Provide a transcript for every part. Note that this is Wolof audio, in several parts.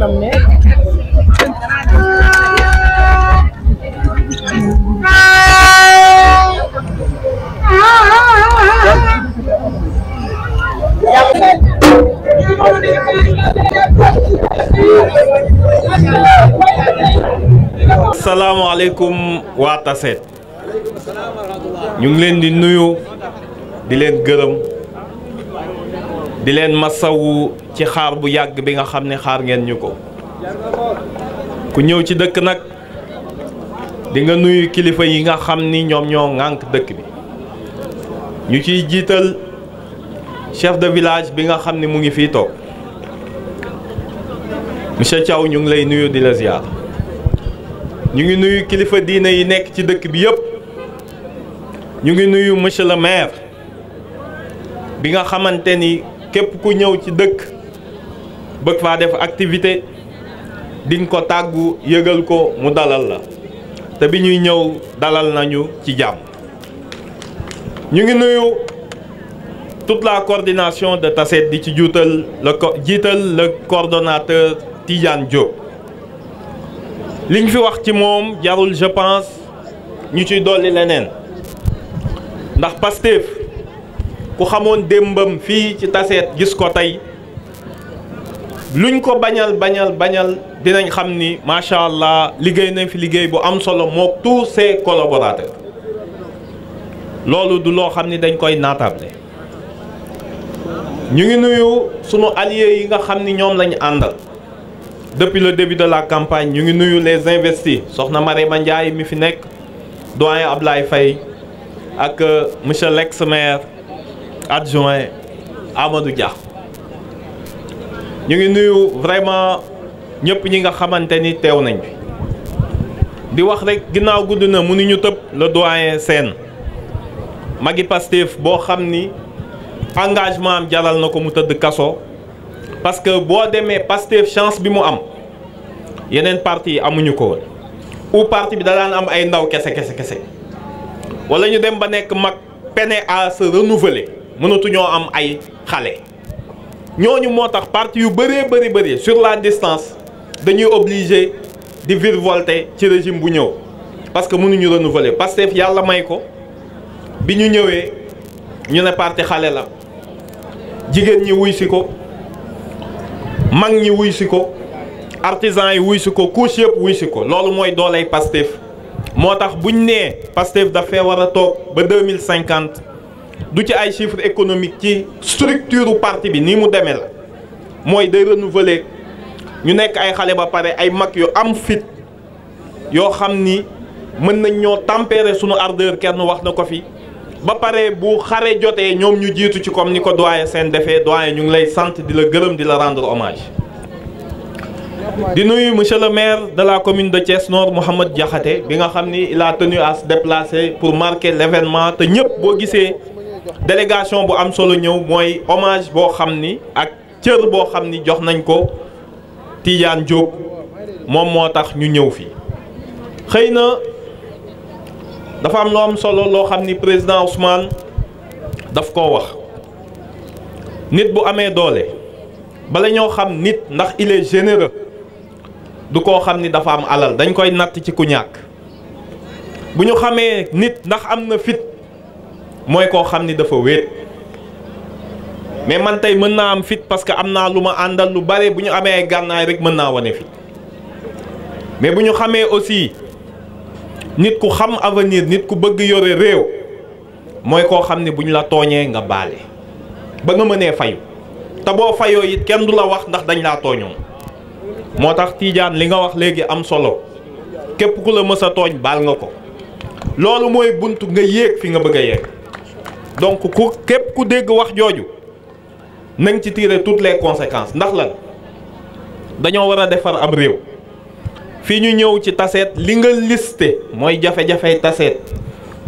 kanam ne waa Tassette ñu ngi leen di nuyu di leen gërëm di leen sawu ci xaar bu yàgg bi nga xam ne xaar ngeen ñu ko ku ñëw ci dëkk nag di nga nuyu kilifa yi nga xam ni ñoom ñoo ŋànk dëkk bi ñu ciy jiital chef de village bi nga xam ni mu ngi fii toog monsieur caw ñu ngi lay nuyu di la ziar ñu ngi nuyu kilifa diine yi nekk ci dëkk bi yépp ñu ngi nuyu monsieur le maire bi nga xamante ni képp ku ñëw ci dëkk bëgg faa def activité diñ ko tàggu yëgal ko mu dalal la te bi ñuy ñëw dalal nañu ci jàmm ñu ngi nuyu toute la coordination de Tassette di ci juutal le jiital le coordonnateur Tidiane Diop liñ fi wax ci moom jarul je pense ñu ciy dolli leneen ndax Pastef ku xamoon démbam fii ci Tassette gis ko tey luñ ko bañal bañal bañal dinañ xam ni macha allah liggéey nañ fi liggéey bu am solo mook tous ses collaborateurs loolu du loo xam ni dañ koy naatable ñu ngi nuyu sunu alliés yi nga xam ni ñoom lañu àndal depuis le début de la campagne ñu ngi nuyu les investis soxna Marème Ndiaye mi fi nekk doyen Ablaye Faye ak euh, monsieur l'ex-maire adjoint Amadou Dia ñu ngi nuyu vraiment ñëpp ñi nga xamante ni teew nañ bi di wax rek ginnaaw gudd na mënuñu tëb le doyen Sène magi Pastef boo xam ni engagement am jaral na ko mu tëdd kaso parce que boo demee Pastef chance bi mu am yeneen parti yi amuñu ko woon ou parti bi da daan am ay ndaw kese kese kese wala ñu dem ba nekk mag pene à se renouveler mënatuñoo am ay xale ñooñu moo tax parti yu bëree bëri bëri sur la distance dañuy obligé di virevolter ci régime bu ñëw parce que mënuñu renouveler Pastef yàlla may ko bi ñu ñëwee ñu ne parti xale la jigéen ñi wuy si ko mag ñi wuy si ko artisan yi wuy si ko couche yëpp wuy si ko loolu mooy dooley Pastef moo tax buñ nee Pastef dafee war a toog ba deux mille cinquante du ci ay chiffres économiques ci structure parti bi ni mu demee la mooy day renouveler ñu nekk ay xale ba pare ay mag yu am fit yoo xam ni mën nañ ñoo tempérer sunu ardeur kenn wax na ko fi ba pare bu xare jotee ñoom ñu jiitu ci comme ni ko doyen seen defee doyen ñu ngi lay sant di la gërëm di la rendre hommage. di nuyu monsieur le maire de la commune de Thiès Nord Mouhamed Diakhaté bi nga xam ni il a tenu à se déplacer pour marquer l'événement te ñëpp boo gisee. délégation bu am solo ñëw mooy omage boo xam ni ak cër boo xam ni jox nañ ko tiijaan Diop moom moo tax ñu ñëw fii xëy na dafa am lu am solo loo xam ni président Ousmane daf ko wax nit bu amee doole bala ñoo xam nit ndax il est du koo xam ni dafa am alal dañ koy natt ci ku ñàkk bu ñu xamee nit ndax am na fit mooy koo xam ni dafa wéet mais man tey mën naa am fit parce que am naa lu ma àndal lu bare bu ñu amee ay gànnaay rek mën naa wane fit mais bu ñu xamee aussi nit ku xam avenir nit ku bëgg yore réew mooy koo xam ne bu ñu la tooñee nga baale ba nga mënee fayu te boo fayoo it kenn du la wax ndax dañu laa tooñoon moo tax Tidiane li nga wax léegi am solo képp ku la mës a tooñ baal nga ko loolu mooy bunt nga yéeg fi nga bëgg a yéeg donc ku képp ku dégg wax jooju nañ ci tirer toutes les conséquences ndax lan dañoo war a defar am réew fii ñu ñëw ci taseet li nga listé mooy jafe-jafey taseet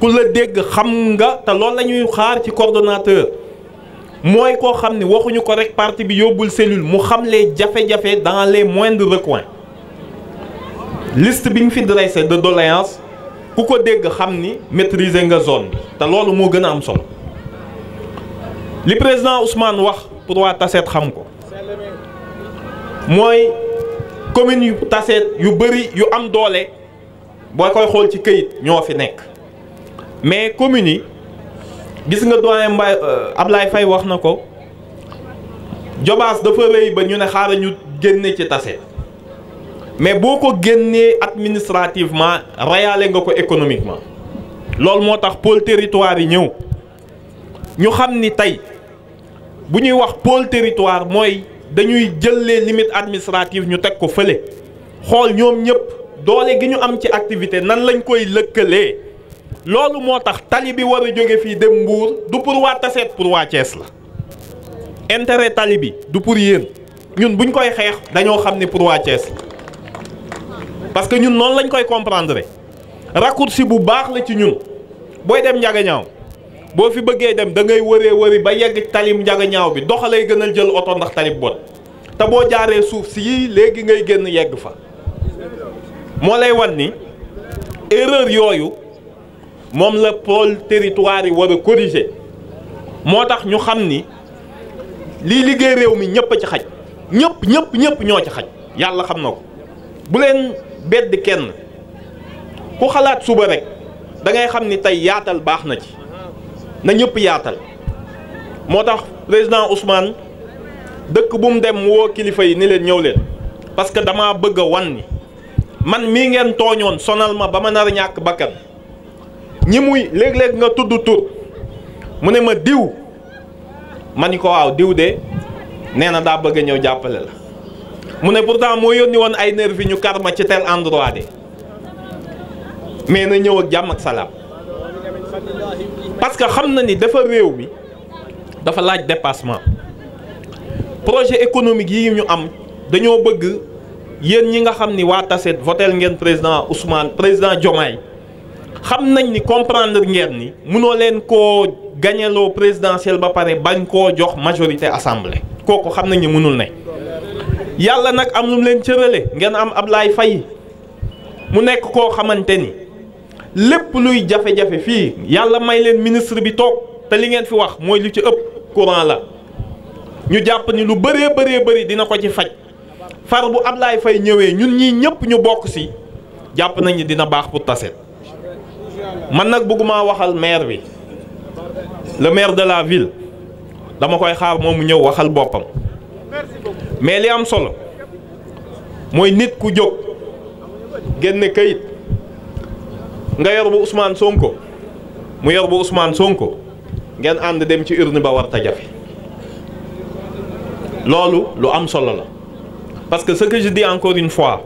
ku la dégg xam nga te loolu la ñuy xaar ci coordonnateur mooy koo xam ne waxuñu ko rek parti bi yóbbul cellule mu xam les jafe-jafe dans les moindres recoins liste bi ñu fi dressé de doléance ku ko dégg xam ni maîtriser nga zone bi te loolu moo gën a am solo li président Ousmane wax pour waa Tassette xam ko mooy commune yu Tassette yu bëri yu am doole boo koy xool ci këyit ñoo fi nekk mais communes yi gis nga doyen Mbaye euh, Ablaye Faye wax na ko Jobaas dafa rëy ba ñu ne xaaral ñu génne ci Tassette mais boo ko génnee administrativement rayaale nga ko économiquement loolu moo tax pôle territoire yi ñëw ñu xam ni tey bu ñuy wax pôle territoire mooy dañuy jël les limites administratives ñu teg ko fële xool ñoom ñëpp doole gi ñu am ci activité nan lañ koy lëkkalee loolu moo tax tali bi war a jóge fii dem Mbour du pour waa Tassette pour waa Thiès la intérêt tali bi du pour yéen ñun buñ koy xeex dañoo xam ne pour waa Thiès la parce que ñun noonu lañ koy comprendre raccourci bu baax la ci ñun booy dem Ndiaga boo fi bëggee dem dangay ngay wëree wëri ba yegg talim njaga ñaaw bi doxalay gënal jël oto ndax talib bon te boo jaaree suuf si yii léegi ngay génn yegg fa moo lay wan ni erreur yooyu moom la pôle terituwaar yi war a moo tax ñu xam ni lii liggéey réew mi ñëpp a ci xaj ñëpp ñëpp ñëpp ñoo ci xaj yàlla xam na ko bu leen bedd kenn ku xalaat suba rek da ngay xam ni tey yaatal baax na ci na ñëpp yaatal moo tax président Ousmane dëkk bu mu dem woo kilifa yi ni leen ñëw leen parce que dama bëgg a wan ni man mii ngeen tooñoon sonal ma ba ma nar ñàkk bakkan ñi muy léeg nga tudd tur mu ne ma diw ma ni ko waaw diw de nee na daa bëgg a ñëw jàppale la mu ne pourtant moo yónni woon ay nervi ñu kar ma ci tel endroit de na ñëw ak jàmm ak salaam parce que xam na ni dafa réew mi dafa laaj dépassement projet économique yi ñu am dañoo bëgg yéen ñi nga xam ni waa taset votel ngeen président Ousmane président Diomaye xam nañ ni comprendre ngeen ni munoo leen koo gañeloo présidentiel ba pare bañ koo jox majorité assemblée kooku xam nañu mënul ne yàlla nag am lu leen cërale ngeen am ab Ablaye Faye mu nekk koo xamante ni lépp luy jafe-jafe fii yàlla may leen ministre bi toog te li ngeen fi wax mooy lu ci ëpp courant la ñu jàpp ni lu bëree bëree bëri dina ko ci faj far bu Ablaye fay ñëwee ñun ñii ñëpp ñu bokk si jàpp nañu dina baax pour taset man nag bëgguma waxal maire bi le maire de la ville dama koy xaar moom mu ñëw waxal boppam mais li am solo mooy nit ku jóg génne kayit nga yor bu Ousmane Sonko mu yor bu Ousmane Sonko ngeen ànd dem ci urne ba war jafe loolu lu am solo la parce que ce que encore une fois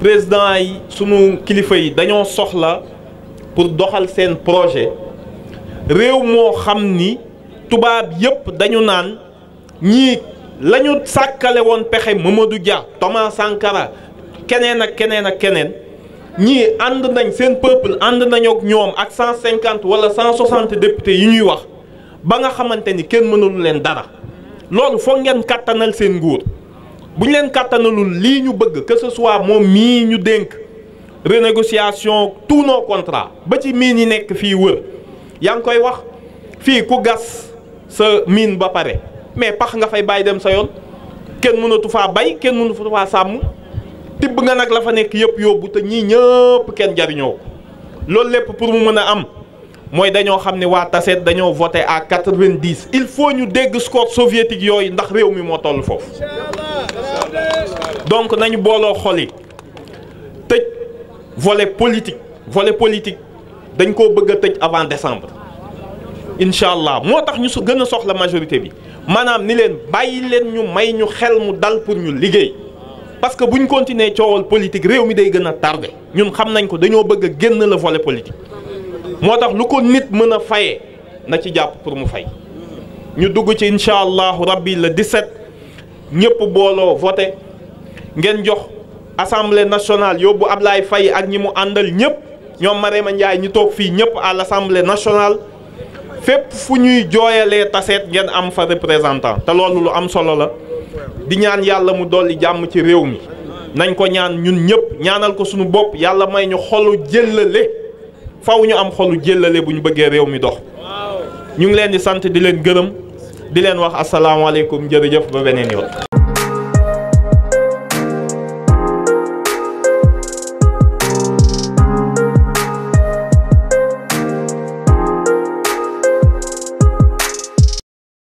président yi sunu kilifa yi dañoo soxla pour doxal seen projet réew moo xam ni tubaab yépp dañu naan ñii la ñu sàkkale woon pexe du Dia Thomas Sankara keneen ak keneen ak keneen ñii ànd nañ seen peuple ànd nañoo ak ñoom ak 150 wala 160 députés yi ñuy wax ba nga xamante ni kenn mënulu leen dara loolu foog ngeen kàttanal seen nguur bu ñu leen kàttanalul lii ñu bëgg que ce soit moom mii ñu dénk renégociation tous nos contrats ba ci miin yi nekk fii wër yaa ngi koy wax fii ku gas sa miin ba pare mais pax nga fay bàyyi dem sa yoon kenn mënatu faa bay kenn mënatu faa sàmm. tibb nga nag la fa nekk yëpp yóbbu te ñii ñëpp kenn jariñoo loolu lépp pour mu mën a am mooy dañoo xam ne waa Tassette dañoo voté à quatre-vingt-dix il faut ñu dégg score soviétique yooyu ndax réew mi moo toll foofu donc nañu booloo xol yi tëj vole politique volet politique dañ koo bëgg a tëj avant décembre incha allah moo tax ñu su gën a soxla majorité bi maanaam ni leen bàyyi leen ñu may ñu xel mu dal pour ñu liggéey parce que bu ñu continuer coowal politique réew mi day gën a tardé ñun xam nañ ko dañoo bëgg a génn la volet politique moo tax lu ko nit mën a fayee na ci jàpp pour mu fay ñu dugg ci incha allahu rabbi le 17 ñëpp booloo voté ngeen jox assamble nationale yóbbu Ablaye Faye ak ñi mu àndal ñëpp ñoom Marème Ndiaye ñu toog fii ñëpp à l' assemblée nationale fépp fu ñuy jooyalee taseet ngeen am fa représentant te loolu lu am solo la. di ñaan yàlla mu dolli jàmm ci réew mi nañ ko ñaan ñun ñëpp ñaanal ko suñu bopp yàlla may ñu xolu jëllale faw ñu am xolu jëllale bu ñu bëggee réew mi dox ñu ngi leen di sant di leen gërëm di leen wax asalaamaaleykum jërëjëf ba beneen yoon.